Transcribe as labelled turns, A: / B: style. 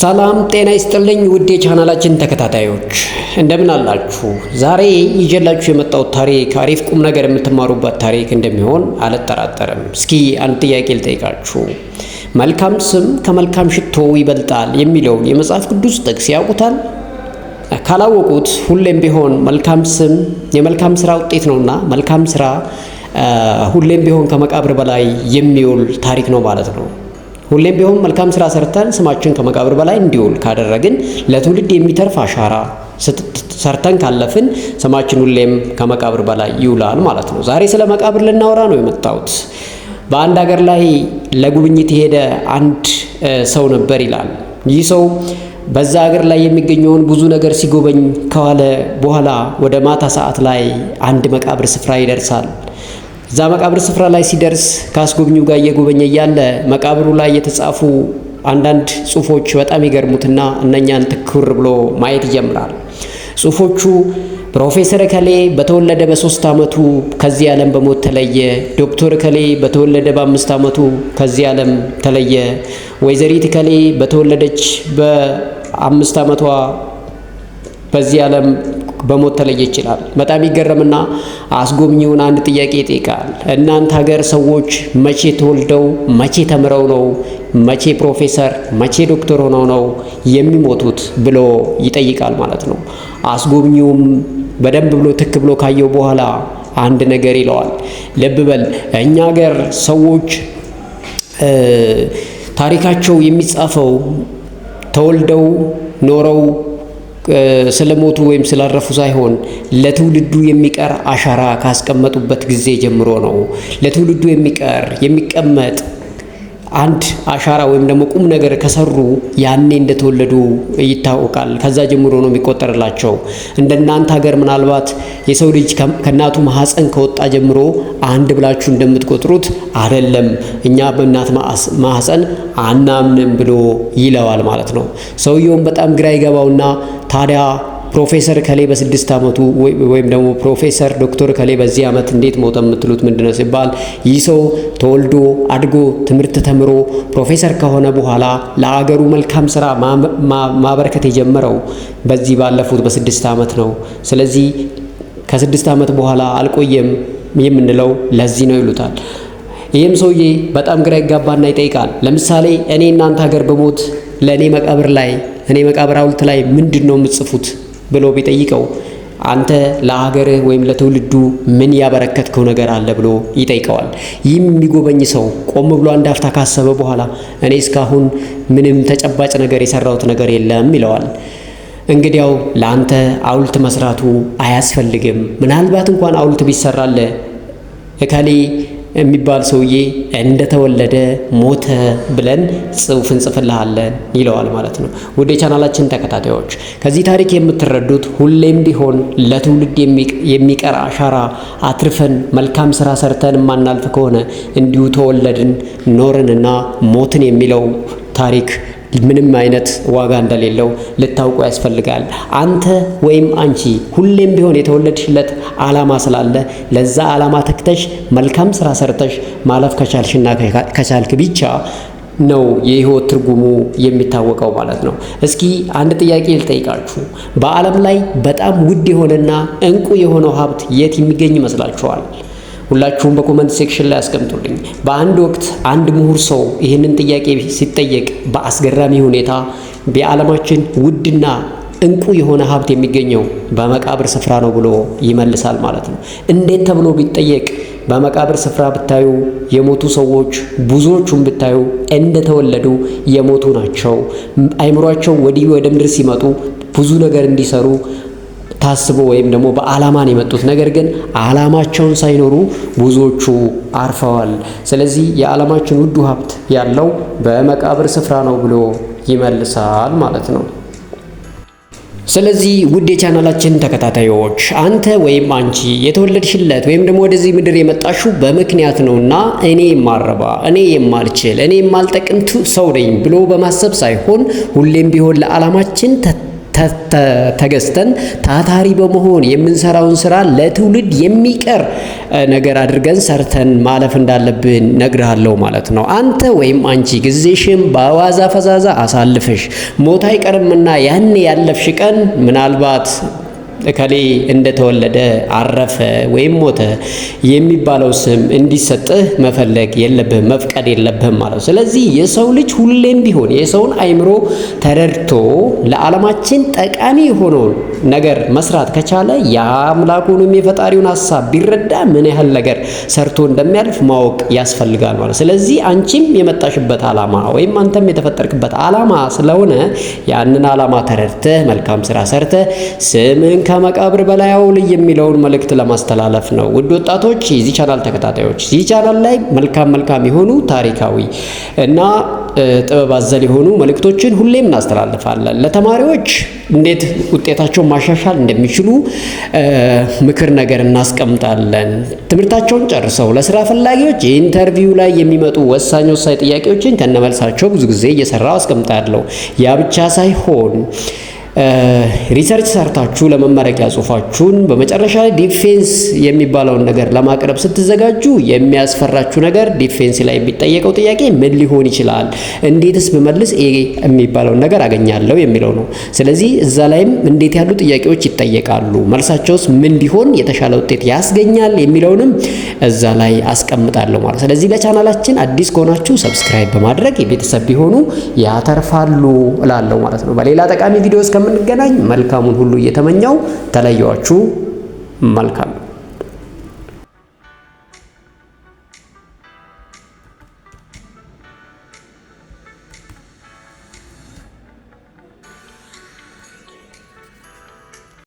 A: ሰላም ጤና ይስጥልኝ ውድ የቻናላችን ተከታታዮች እንደምን አላችሁ? ዛሬ ይዤላችሁ የመጣሁት ታሪክ አሪፍ ቁም ነገር የምትማሩበት ታሪክ እንደሚሆን አልጠራጠርም። እስኪ አንድ ጥያቄ ልጠይቃችሁ። መልካም ስም ከመልካም ሽቶ ይበልጣል የሚለውን የመጽሐፍ ቅዱስ ጥቅስ ያውቁታል? ካላወቁት ሁሌም ቢሆን መልካም ስም የመልካም ስራ ውጤት ነውና መልካም ስራ ሁሌም ቢሆን ከመቃብር በላይ የሚውል ታሪክ ነው ማለት ነው። ሁሌም ቢሆን መልካም ስራ ሰርተን ስማችን ከመቃብር በላይ እንዲውል ካደረግን ለትውልድ የሚተርፍ አሻራ ሰርተን ካለፍን ስማችን ሁሌም ከመቃብር በላይ ይውላል ማለት ነው። ዛሬ ስለ መቃብር ልናወራ ነው የመጣሁት። በአንድ ሀገር ላይ ለጉብኝት የሄደ አንድ ሰው ነበር ይላል። ይህ ሰው በዛ ሀገር ላይ የሚገኘውን ብዙ ነገር ሲጎበኝ ከዋለ በኋላ ወደ ማታ ሰዓት ላይ አንድ መቃብር ስፍራ ይደርሳል። እዛ መቃብር ስፍራ ላይ ሲደርስ ከአስጎብኚው ጋር እየጎበኘ እያለ መቃብሩ ላይ የተጻፉ አንዳንድ ጽሁፎች በጣም ይገርሙትና እነኛን ትኩር ብሎ ማየት ይጀምራል። ጽሁፎቹ ፕሮፌሰር እከሌ በተወለደ በሶስት ዓመቱ ከዚህ ዓለም በሞት ተለየ፣ ዶክተር እከሌ በተወለደ በአምስት ዓመቱ ከዚህ ዓለም ተለየ፣ ወይዘሪት እከሌ በተወለደች በአምስት ዓመቷ በዚህ ዓለም በሞት ተለየ ይችላል። በጣም ይገረምና አስጎብኚውን አንድ ጥያቄ ይጠይቃል። እናንተ ሀገር ሰዎች መቼ ተወልደው መቼ ተምረው ነው መቼ ፕሮፌሰር መቼ ዶክተር ሆነው ነው የሚሞቱት ብሎ ይጠይቃል ማለት ነው። አስጎብኚውም በደንብ ብሎ ትክ ብሎ ካየው በኋላ አንድ ነገር ይለዋል። ልብ በል እኛ ሀገር ሰዎች ታሪካቸው የሚጻፈው ተወልደው ኖረው ስለሞቱ ወይም ስላረፉ ሳይሆን ለትውልዱ የሚቀር አሻራ ካስቀመጡበት ጊዜ ጀምሮ ነው። ለትውልዱ የሚቀር የሚቀመጥ አንድ አሻራ ወይም ደግሞ ቁም ነገር ከሰሩ ያኔ እንደተወለዱ ይታወቃል። ከዛ ጀምሮ ነው የሚቆጠርላቸው። እንደናንተ ሀገር ምናልባት የሰው ልጅ ከእናቱ ማህፀን ከወጣ ጀምሮ አንድ ብላችሁ እንደምትቆጥሩት አይደለም። እኛ በእናት ማህፀን አናምንም ብሎ ይለዋል ማለት ነው። ሰውየውም በጣም ግራ ይገባውና ታዲያ ፕሮፌሰር ከሌ በስድስት ዓመቱ ወይም ደግሞ ፕሮፌሰር ዶክተር ከሌ በዚህ ዓመት እንዴት ሞተ የምትሉት ምንድነው ነው ሲባል ይህ ሰው ተወልዶ አድጎ ትምህርት ተምሮ ፕሮፌሰር ከሆነ በኋላ ለአገሩ መልካም ስራ ማበረከት የጀመረው በዚህ ባለፉት በስድስት ዓመት ነው። ስለዚህ ከስድስት ዓመት በኋላ አልቆየም የምንለው ለዚህ ነው ይሉታል። ይህም ሰውዬ በጣም ግራ ይጋባና ይጠይቃል። ለምሳሌ እኔ እናንተ ሀገር በሞት ለእኔ መቃብር ላይ እኔ መቃብር ሐውልት ላይ ምንድን ነው የምጽፉት? ብሎ ቢጠይቀው አንተ ለሀገርህ ወይም ለትውልዱ ምን ያበረከትከው ነገር አለ ብሎ ይጠይቀዋል። ይህም የሚጎበኝ ሰው ቆም ብሎ አንድ አፍታ ካሰበ በኋላ እኔ እስካሁን ምንም ተጨባጭ ነገር የሰራሁት ነገር የለም ይለዋል። እንግዲያው ለአንተ አውልት መስራቱ አያስፈልግም። ምናልባት እንኳን አውልት ቢሰራለ እከሌ የሚባል ሰውዬ እንደተወለደ ሞተ ብለን ጽሑፍ እንጽፍልሃለን ይለዋል ማለት ነው። ወደ ቻናላችን ተከታታዮች ከዚህ ታሪክ የምትረዱት ሁሌም ቢሆን ለትውልድ የሚቀር አሻራ አትርፈን መልካም ስራ ሰርተን የማናልፍ ከሆነ እንዲሁ ተወለድን ኖርንና ሞትን የሚለው ታሪክ ምንም አይነት ዋጋ እንደሌለው ልታውቁ ያስፈልጋል። አንተ ወይም አንቺ ሁሌም ቢሆን የተወለድሽለት ዓላማ ስላለ ለዛ ዓላማ ተክተሽ መልካም ስራ ሰርተሽ ማለፍ ከቻልሽና ከቻልክ ብቻ ነው የህይወት ትርጉሙ የሚታወቀው ማለት ነው። እስኪ አንድ ጥያቄ ልጠይቃችሁ። በዓለም ላይ በጣም ውድ የሆነና እንቁ የሆነው ሀብት የት የሚገኝ ይመስላችኋል? ሁላችሁም በኮመንት ሴክሽን ላይ አስቀምጡልኝ። በአንድ ወቅት አንድ ምሁር ሰው ይህንን ጥያቄ ሲጠየቅ በአስገራሚ ሁኔታ በዓለማችን ውድና እንቁ የሆነ ሀብት የሚገኘው በመቃብር ስፍራ ነው ብሎ ይመልሳል ማለት ነው። እንዴት ተብሎ ቢጠየቅ በመቃብር ስፍራ ብታዩ የሞቱ ሰዎች ብዙዎቹን ብታዩ እንደተወለዱ የሞቱ ናቸው። አይምሯቸው ወዲህ ወደ ምድር ሲመጡ ብዙ ነገር እንዲሰሩ ታስቦ ወይም ደግሞ በዓላማን የመጡት ነገር ግን ዓላማቸውን ሳይኖሩ ብዙዎቹ አርፈዋል። ስለዚህ የዓለማችን ውዱ ሀብት ያለው በመቃብር ስፍራ ነው ብሎ ይመልሳል ማለት ነው። ስለዚህ ውድ የቻናላችን ተከታታዮች አንተ ወይም አንቺ የተወለድሽለት ወይም ደግሞ ወደዚህ ምድር የመጣሽው በምክንያት ነውና እኔ የማረባ እኔ የማልችል እኔ የማልጠቅም ሰው ነኝ ብሎ በማሰብ ሳይሆን ሁሌም ቢሆን ለዓላማችን ተገዝተን ታታሪ በመሆን የምንሰራውን ስራ ለትውልድ የሚቀር ነገር አድርገን ሰርተን ማለፍ እንዳለብን ነግርሃለሁ ማለት ነው። አንተ ወይም አንቺ ጊዜሽን በአዋዛ ፈዛዛ አሳልፍሽ ሞት አይቀርምና ያን ያለፍሽ ቀን ምናልባት እከሌ እንደተወለደ አረፈ ወይም ሞተ የሚባለው ስም እንዲሰጥህ መፈለግ የለብህም መፍቀድ የለብህም ማለት። ስለዚህ የሰው ልጅ ሁሌም ቢሆን የሰውን አይምሮ ተረድቶ ለዓለማችን ጠቃሚ የሆነውን ነገር መስራት ከቻለ የአምላኩንም የፈጣሪውን ሀሳብ ቢረዳ ምን ያህል ነገር ሰርቶ እንደሚያልፍ ማወቅ ያስፈልጋል ማለት። ስለዚህ አንቺም የመጣሽበት ዓላማ ወይም አንተም የተፈጠርክበት ዓላማ ስለሆነ ያንን ዓላማ ተረድተህ መልካም ስራ ሰርተህ ስምን ከጌታ መቃብር በላይ አውል የሚለውን መልእክት ለማስተላለፍ ነው። ውድ ወጣቶች፣ የዚህ ቻናል ተከታታዮች፣ ይህ ቻናል ላይ መልካም መልካም የሆኑ ታሪካዊ እና ጥበብ አዘል የሆኑ መልእክቶችን ሁሌም እናስተላልፋለን። ለተማሪዎች እንዴት ውጤታቸውን ማሻሻል እንደሚችሉ ምክር ነገር እናስቀምጣለን። ትምህርታቸውን ጨርሰው ለስራ ፈላጊዎች የኢንተርቪው ላይ የሚመጡ ወሳኝ ወሳኝ ጥያቄዎችን ከነመልሳቸው ብዙ ጊዜ እየሰራው አስቀምጣለሁ። ያ ብቻ ሳይሆን ሪሰርች ሰርታችሁ ለመመረቂያ ጽሁፋችሁን በመጨረሻ ዲፌንስ የሚባለውን ነገር ለማቅረብ ስትዘጋጁ የሚያስፈራችሁ ነገር ዲፌንስ ላይ የሚጠየቀው ጥያቄ ምን ሊሆን ይችላል፣ እንዴትስ ብመልስ ኤ የሚባለውን ነገር አገኛለሁ የሚለው ነው። ስለዚህ እዛ ላይም እንዴት ያሉ ጥያቄዎች ይጠየቃሉ፣ መልሳቸውስ ምን ቢሆን የተሻለ ውጤት ያስገኛል የሚለውንም እዛ ላይ አስቀምጣለሁ ማለት። ስለዚህ ለቻናላችን አዲስ ከሆናችሁ ሰብስክራይብ በማድረግ የቤተሰብ ቢሆኑ ያተርፋሉ እላለሁ ማለት ነው። በሌላ ጠቃሚ ቪዲዮ እስከምንገናኝ መልካሙን ሁሉ እየተመኘው ተለያችሁ። መልካም